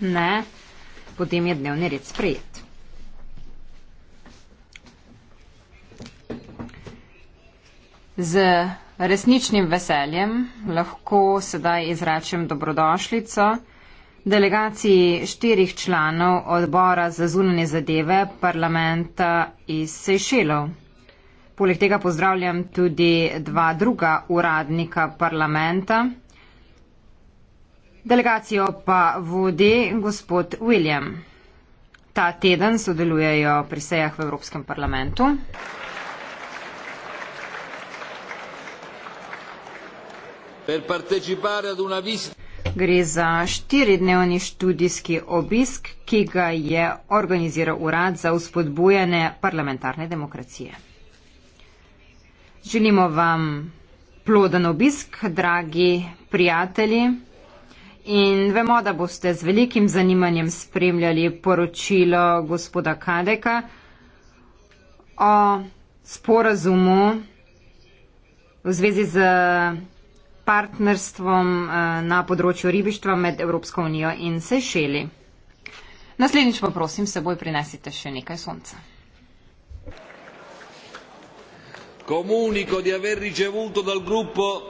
Ne. Potem je dnevni red sprejet. Z resničnim veseljem lahko sedaj izračem dobrodošljico delegaciji štirih članov odbora za zunanje zadeve parlamenta iz Sejšelov. Poleg tega pozdravljam tudi dva druga uradnika parlamenta. Delegacijo pa vodi gospod William. Ta teden sodelujejo pri sejah v Evropskem parlamentu. Gre za štiridnevni študijski obisk, ki ga je organiziral Urad za uspodbujanje parlamentarne demokracije. Želimo vam ploden obisk, dragi prijatelji. In vemo, da boste z velikim zanimanjem spremljali poročilo gospoda Kadeka o sporazumu v zvezi z partnerstvom eh, na področju ribištva med Evropsko unijo in Sejšeli. Naslednjič pa prosim, seboj prinesite še nekaj sonca. Komuniko di aver ricevuto dal gruppo